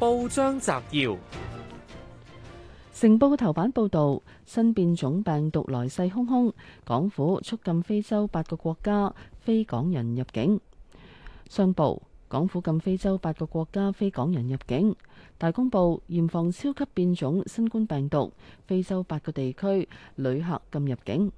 報章摘要：成報頭版報道新變種病毒來勢洶洶，港府促禁非洲八個國家非港人入境。商報：港府禁非洲八個國家非港人入境。大公報：嚴防超級變種新冠病毒，非洲八個地區旅客禁入境。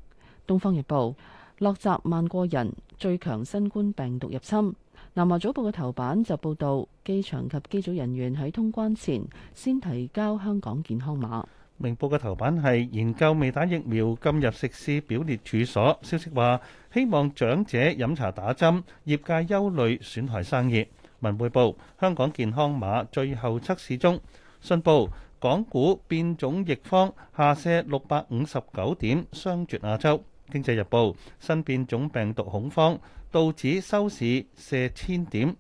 東方日報：落閘萬過人，最強新冠病毒入侵。南華早報嘅頭版就報道，機場及機組人員喺通關前先提交香港健康碼。明報嘅頭版係研究未打疫苗，禁入食肆表列處所。消息話，希望長者飲茶打針，業界憂慮損害生意。文匯報：香港健康碼最後測試中。信報：港股變種疫方下瀉六百五十九點，雙絕亞洲。經濟日報：新變種病毒恐慌。道指收市瀉千點，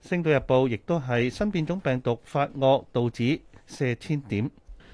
星島日報亦都係新變種病毒發惡，道指瀉千點。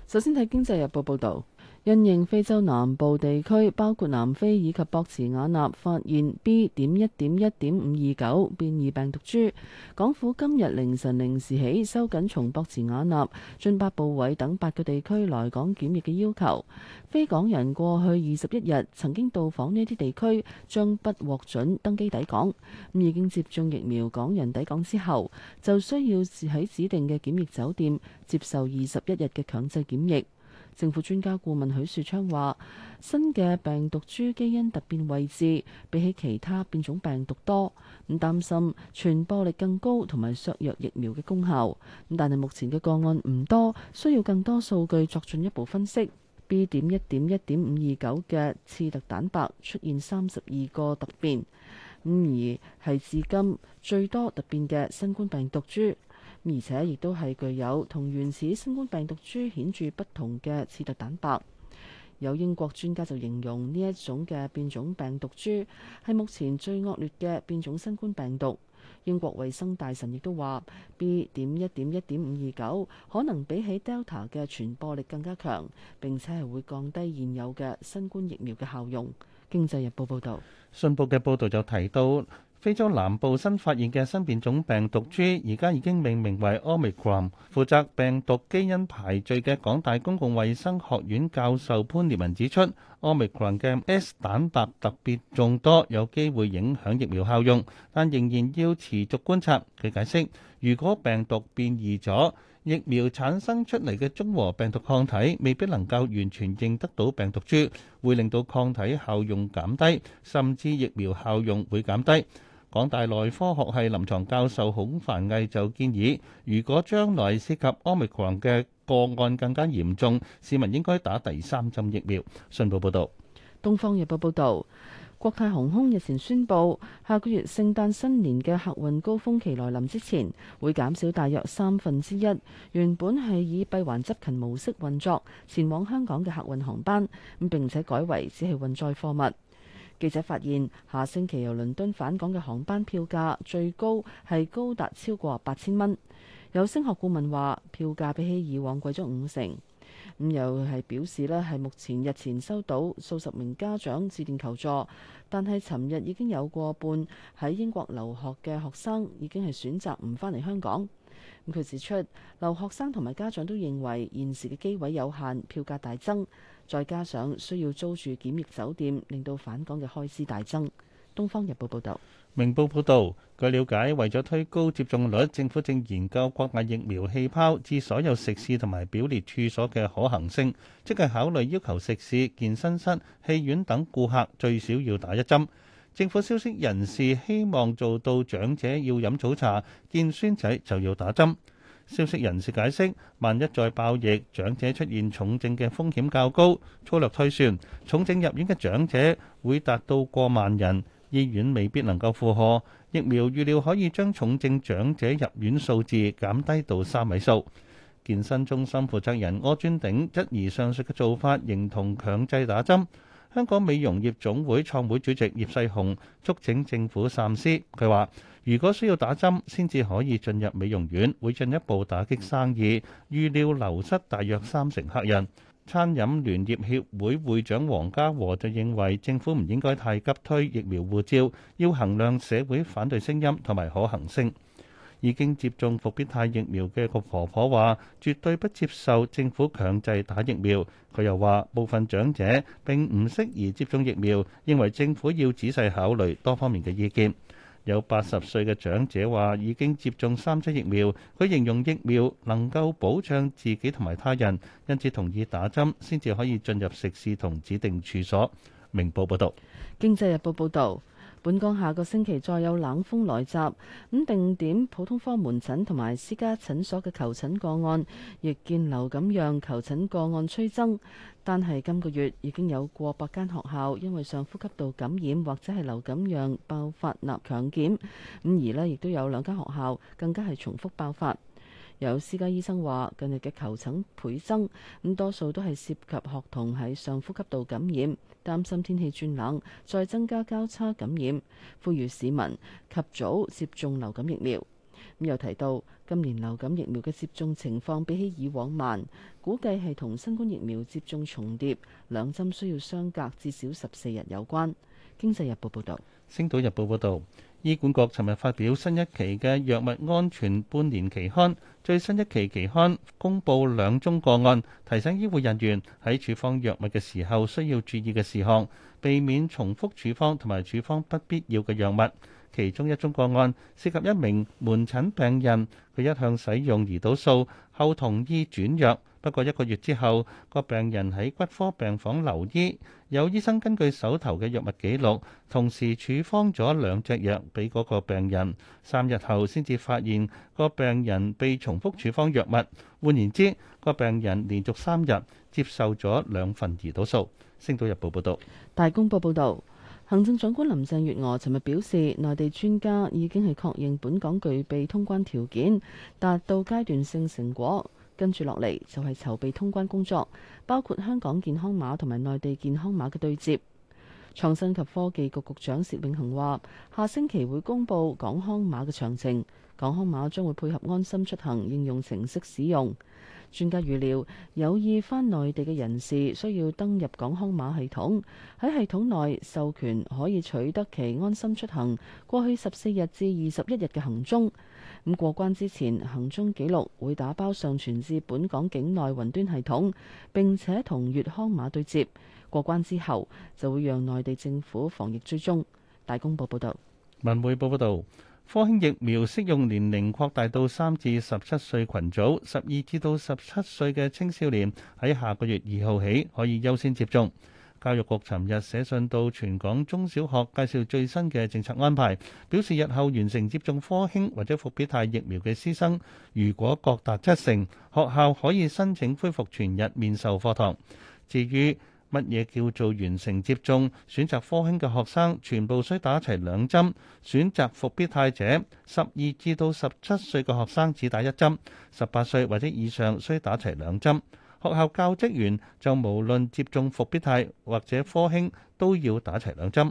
首先睇經濟日報報導。因應非洲南部地區，包括南非以及博茨瓦納，發現 B. 點一點一點五二九變異病毒株，港府今日凌晨零時起，收緊從博茨瓦納、津巴布韋等八個地區來港檢疫嘅要求。非港人過去二十一日曾經到訪呢啲地區，將不獲准登機抵港。已經接種疫苗港人抵港之後，就需要喺指定嘅檢疫酒店接受二十一日嘅強制檢疫。政府專家顧問許樹昌話：新嘅病毒株基因突變位置比起其他變種病毒多，咁擔心傳播力更高同埋削弱疫苗嘅功效。但係目前嘅個案唔多，需要更多數據作進一步分析。B. 點一點一點五二九嘅刺突蛋白出現三十二個突變，而係至今最多突變嘅新冠病毒株。而且亦都係具有同原始新冠病毒株顯著不同嘅刺突蛋白。有英國專家就形容呢一種嘅變種病毒株係目前最惡劣嘅變種新冠病毒。英國衞生大臣亦都話：B. 點一點一點五二九可能比起 Delta 嘅傳播力更加強，並且係會降低現有嘅新冠疫苗嘅效用。經濟日報報導，信報嘅報導就提到。非洲南部新發現嘅新變種病毒株，而家已經命名為 Omicron。負責病毒基因排序嘅港大公共衛生學院教授潘烈文指出，Omicron 嘅 S 蛋白特別眾多，有機會影響疫苗效用，但仍然要持續觀察。佢解釋，如果病毒變異咗，疫苗產生出嚟嘅中和病毒抗體未必能夠完全認得到病毒株，會令到抗體效用減低，甚至疫苗效用會減低。港大內科學系臨床教授孔凡毅就建議，如果將來涉及 Omicron 嘅個案更加嚴重，市民應該打第三針疫苗。信報報導。東方日報報道，國泰航空日前宣布，下個月聖誕新年嘅客運高峰期來臨之前，會減少大約三分之一，原本係以閉環執勤模式運作，前往香港嘅客運航班，咁並且改為只係運載貨物。記者發現，下星期由倫敦返港嘅航班票價最高係高達超過八千蚊。有升學顧問話，票價比起以往貴咗五成。咁又係表示咧，係目前日前收到數十名家長致電求助，但係尋日已經有過半喺英國留學嘅學生已經係選擇唔返嚟香港。佢指出，留學生同埋家長都認為現時嘅機位有限，票價大增，再加上需要租住檢疫酒店，令到返港嘅開支大增。《東方日報》報道。《明報》報道，據了解，為咗推高接種率，政府正研究擴大疫苗氣泡至所有食肆同埋表列處所嘅可行性，即係考慮要求食肆、健身室、戲院等顧客最少要打一針。政府消息人士希望做到長者要飲早茶，見孫仔就要打針。消息人士解釋，萬一再爆疫，長者出現重症嘅風險較高。粗略推算，重症入院嘅長者會達到過萬人，醫院未必能夠負荷。疫苗預料可以將重症長者入院數字減低到三位數。健身中心負責人柯尊鼎質疑上述嘅做法，形同強制打針。香港美容業總會創會主席葉世雄促請政府善思，佢話如果需要打針先至可以進入美容院，會進一步打擊生意，預料流失大約三成客人。餐飲聯業協會，會會長黃家和就認為政府唔應該太急推疫苗護照，要衡量社會反對聲音同埋可行性。已經接種復必泰疫苗嘅個婆婆話，絕對不接受政府強制打疫苗。佢又話：部分長者並唔適宜接種疫苗，認為政府要仔細考慮多方面嘅意見。有八十歲嘅長者話：已經接種三劑疫苗，佢形容疫苗能夠保障自己同埋他人，因此同意打針先至可以進入食肆同指定處所。明報報導，經濟日報報導。本港下個星期再有冷風來襲，咁、嗯、定點普通科門診同埋私家診所嘅求診個案，亦見流感樣求診個案趨增。但係今個月已經有過百間學校因為上呼吸道感染或者係流感樣爆發納強檢，咁、嗯、而呢亦都有兩間學校更加係重複爆發。有私家醫生話：近日嘅求診倍增，咁多數都係涉及學童喺上呼吸道感染，擔心天氣轉冷再增加交叉感染，呼籲市民及早接種流感疫苗。咁又提到今年流感疫苗嘅接種情況比起以往慢，估計係同新冠疫苗接種重疊，兩針需要相隔至少十四日有關。經濟日報報道。星島日報報道。醫管局尋日發表新一期嘅藥物安全半年期刊，最新一期期刊公佈兩宗個案，提醒醫護人員喺處方藥物嘅時候需要注意嘅事項，避免重複處方同埋處方不必要嘅藥物。其中一宗個案涉及一名門診病人，佢一向使用胰島素後同意轉藥。不過一個月之後，個病人喺骨科病房留醫，有醫生根據手頭嘅藥物記錄，同時處方咗兩隻藥俾嗰個病人。三日後先至發現個病人被重複處方藥物，換言之，個病人連續三日接受咗兩份胰島素。星島日報報道。大公報報道，行政長官林鄭月娥尋日表示，內地專家已經係確認本港具備通關條件，達到階段性成果。跟住落嚟就係籌備通關工作，包括香港健康碼同埋內地健康碼嘅對接。創新及科技局局長薛永恒話下星期會公布港康碼嘅詳情，港康碼將會配合安心出行應用程式使用。專家預料有意返內地嘅人士需要登入港康碼系統，喺系統內授權可以取得其安心出行過去十四日至二十一日嘅行蹤。咁過關之前，行蹤記錄會打包上傳至本港境內雲端系統，並且同粵康碼對接。過關之後，就會讓內地政府防疫追蹤。大公報報道，文匯報報道。科興疫苗適用年齡擴大到三至十七歲群組，十二至到十七歲嘅青少年喺下個月二號起可以優先接種。教育局尋日寫信到全港中小學介紹最新嘅政策安排，表示日後完成接種科興或者復必泰疫苗嘅師生，如果各達七成，學校可以申請恢復全日面授課堂。至於乜嘢叫做完成接種？選擇科興嘅學生全部需打齊兩針；選擇復必泰者，十二至到十七歲嘅學生只打一針；十八歲或者以上需打齊兩針。學校教職員就無論接種復必泰或者科興，都要打齊兩針。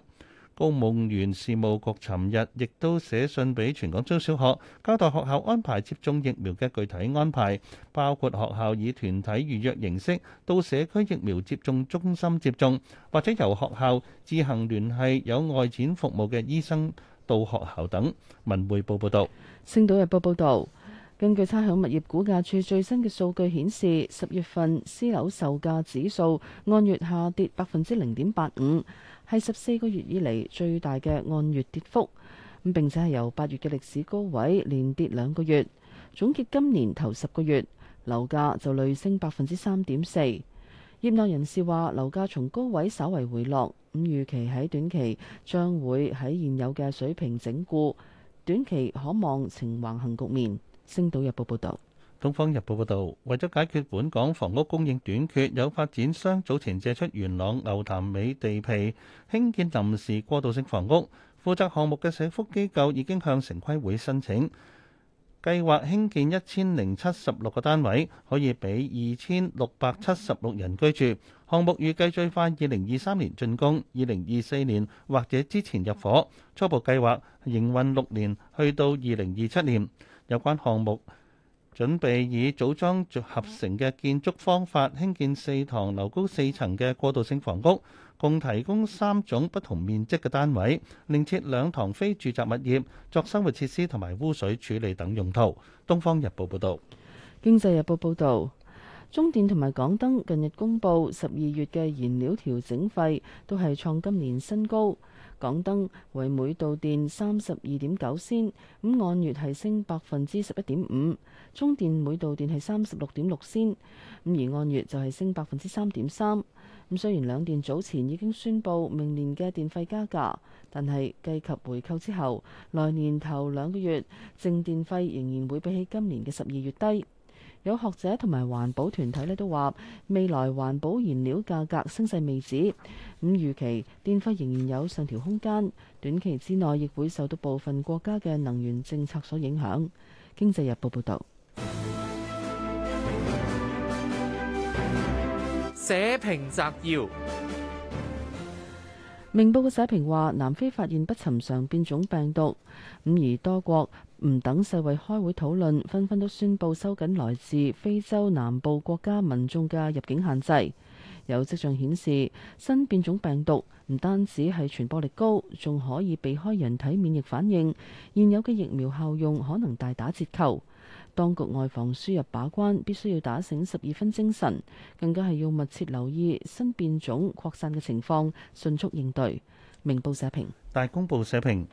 公務員事務局尋日亦都寫信俾全港中小學，交代學校安排接種疫苗嘅具體安排，包括學校以團體預約形式到社區疫苗接種中心接種，或者由學校自行聯繫有外展服務嘅醫生到學校等。文匯報報導。《星島日報》報導，根據差餉物業估價處最新嘅數據顯示，十月份私樓售價指數按月下跌百分之零點八五。係十四個月以嚟最大嘅按月跌幅，咁並且係由八月嘅歷史高位連跌兩個月。總結今年頭十個月樓價就累升百分之三點四。業內人士話樓價從高位稍為回落，咁預期喺短期將會喺現有嘅水平整固，短期可望呈橫行局面。星島日報報道。《東方日報》報導，為咗解決本港房屋供應短缺，有發展商早前借出元朗牛潭尾地皮興建臨時過渡性房屋。負責項目嘅社福機構已經向城規會申請，計劃興建一千零七十六個單位，可以俾二千六百七十六人居住。項目預計最快二零二三年竣工，二零二四年或者之前入伙。初步計劃營運六年，去到二零二七年。有關項目，準備以組裝合成嘅建築方法興建四堂樓高四層嘅過渡性房屋，共提供三種不同面積嘅單位，另設兩堂非住宅物業作生活設施同埋污水處理等用途。《東方日報》報導，《經濟日報》報導。中電同埋港燈近日公布十二月嘅燃料調整費，都係創今年新高。港燈為每度電三十二點九仙，咁按月係升百分之十一點五。中電每度電係三十六點六仙，咁而按月就係升百分之三點三。咁雖然兩電早前已經宣布明年嘅電費加價，但係計及回扣之後，來年頭兩個月淨電費仍然會比起今年嘅十二月低。有學者同埋環保團體咧都話，未來環保燃料價格升勢未止，咁預期電費仍然有上調空間，短期之內亦會受到部分國家嘅能源政策所影響。經濟日報報導。社評摘要。明報嘅社評話：南非發現不尋常變種病毒，咁而多國唔等世衛開會討論，紛紛都宣布收緊來自非洲南部國家民眾嘅入境限制。有跡象顯示，新變種病毒唔單止係傳播力高，仲可以避開人體免疫反應，現有嘅疫苗效用可能大打折扣。當局外防輸入把關必須要打醒十二分精神，更加係要密切留意新變種擴散嘅情況，迅速應對。明報社評。大公報社評，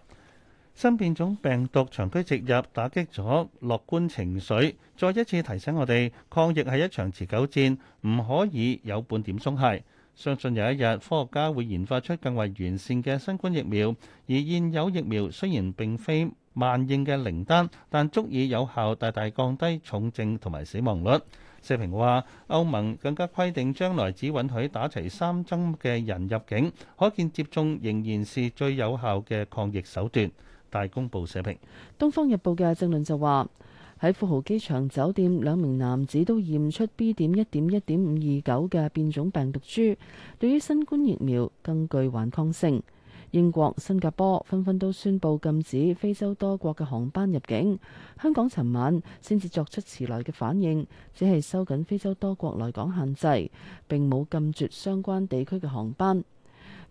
新變種病毒長驅直入，打擊咗樂觀情緒，再一次提醒我哋抗疫係一場持久戰，唔可以有半點鬆懈。相信有一日科學家會研發出更為完善嘅新冠疫苗，而現有疫苗雖然並非萬應嘅靈丹，但足以有效大大降低重症同埋死亡率。社評話：歐盟更加規定將來只允許打齊三針嘅人入境，可見接種仍然是最有效嘅抗疫手段。大公報社評，《東方日報》嘅政論就話：喺富豪機場酒店，兩名男子都驗出 B 點一點一點五二九嘅變種病毒株，對於新冠疫苗更具頑抗性。英國、新加坡紛紛都宣布禁止非洲多國嘅航班入境，香港尋晚先至作出遲來嘅反應，只係收緊非洲多國來港限制，並冇禁絕相關地區嘅航班。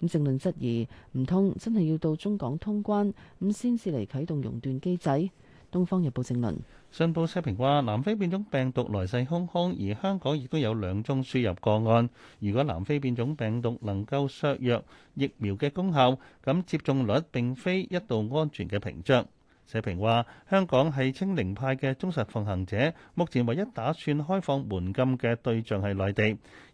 咁政論質疑，唔通真係要到中港通關咁先至嚟啟動熔斷機制？《東方日報》正論，信報社評話：南非變種病毒來勢洶洶，而香港亦都有兩宗輸入個案。如果南非變種病毒能夠削弱疫苗嘅功效，咁接種率並非一道安全嘅屏障。社評話：香港係清零派嘅忠實奉行者，目前唯一打算開放門禁嘅對象係內地，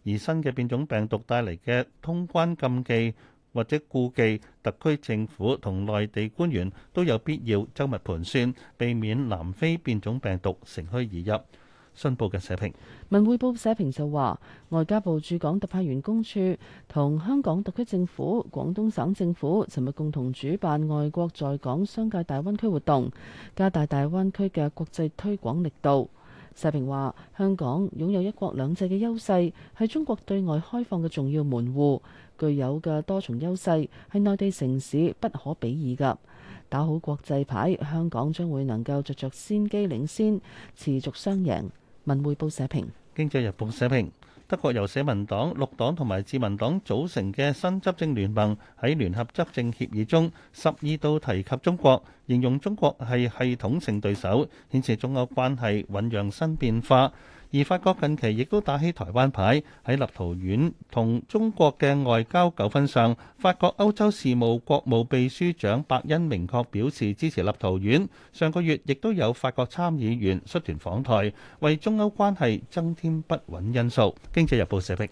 而新嘅變種病毒帶嚟嘅通關禁忌。或者顧忌特區政府同內地官員都有必要周密盤算，避免南非變種病毒乘虛而入。新報嘅社評，文匯報社評就話，外交部駐港特派員公署同香港特區政府、廣東省政府尋日共同主辦外國在港商界大灣區活動，加大大灣區嘅國際推廣力度。社評話：香港擁有一國兩制嘅優勢，係中國對外開放嘅重要門戶，具有嘅多重優勢係內地城市不可比擬噶。打好國際牌，香港將會能夠着着先機領先，持續雙贏。文匯報社評，經濟日報社評。德國由社民黨、綠黨同埋自民黨組成嘅新執政聯盟喺聯合執政協議中，十二度提及中國，形容中國係系統性對手，顯示中歐關係醖釀新變化。而法國近期亦都打起台灣牌，喺立陶宛同中國嘅外交糾紛上，法國歐洲事務國務秘書長白恩明確表示支持立陶宛。上個月亦都有法國參議員率團訪台，為中歐關係增添不穩因素。經濟日報社評。